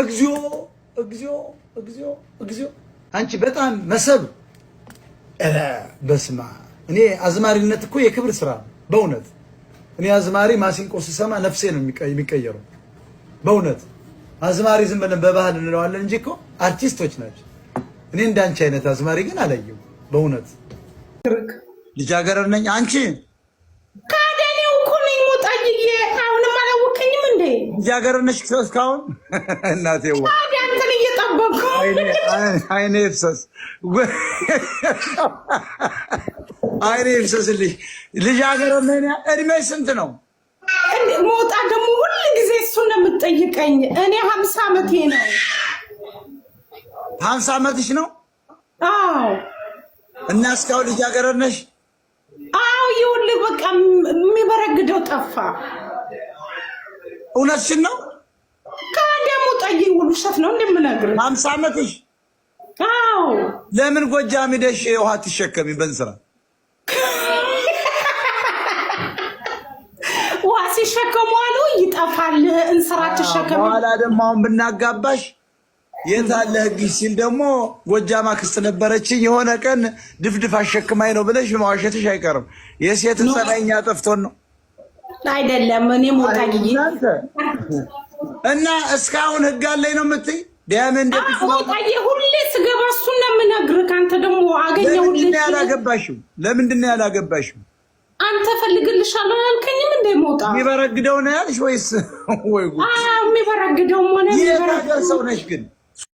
እግዚኦ እግዚኦ እግዚኦ እግዚኦ አንቺ በጣም መሰብ በስማ እኔ አዝማሪነት እኮ የክብር ስራ በእውነት እኔ አዝማሪ ማሲንቆ ስሰማ ነፍሴ ነው የሚቀየረው። በእውነት አዝማሪ ዝም ብለን በባህል እንለዋለን እንጂ እኮ አርቲስቶች ናቸው። እኔ እንዳንቺ አይነት አዝማሪ ግን አላየው። በእውነት ልጃገረድ ነኝ አንቺ ልጃገረድ ነሽ እስካሁን? እናቴዋ እንትን እየጠበኩ አይኔ ፍሰስ አይኔ ፍሰስልሽ። ልጃገረድ ነህ። እድሜሽ ስንት ነው? መውጣ ደግሞ ሁሉ ጊዜ እሱን ነው የምትጠይቀኝ። እኔ ሀምሳ ዓመቴ ነው። ሀምሳ ዓመትሽ ነው? አዎ። እና እስካሁን ልጃገረድ ነሽ? አዎ። ይኸውልህ በቃ የሚበረግደው ጠፋ። እውነትሽን ነው። ከደሞ ጠይ ነው ሀምሳ ዓመትሽ ለምን ጎጃም ሄደሽ ውሃ ትሸከሚ በእንስራ ውሃ ሲሸከሙ አሉ ይጠፋል። እንስራ ትሸከሚ በኋላ ደግሞ አሁን ብናጋባሽ የት አለ ህግሽ ሲል ደግሞ ጎጃም አክስት ነበረችኝ የሆነ ቀን ድፍድፍ አሸክማኝ ነው ብለሽ መዋሸትሽ አይቀርም። የሴትን ሰላይኛ ጠፍቶን ነው አይደለም እኔ ሞታ ጊዜ እና እስካሁን ህግ አለኝ ነው የምትይ? ሞታዬ ሁሌ ስገባ እሱን ነው የምነግርህ። ከአንተ ደግሞ አገኘሁ። ያላገባሽው? ለምንድን ነው ያላገባሽው? አንተ ፈልግልሻለሁ ያልከኝም እንደ ሞታ የሚበረግደው ነው ያልሽ ወይስ ወይ ጉድ! የሚበረግደው ሆነ የሚበረግደው ሰው ነሽ ግን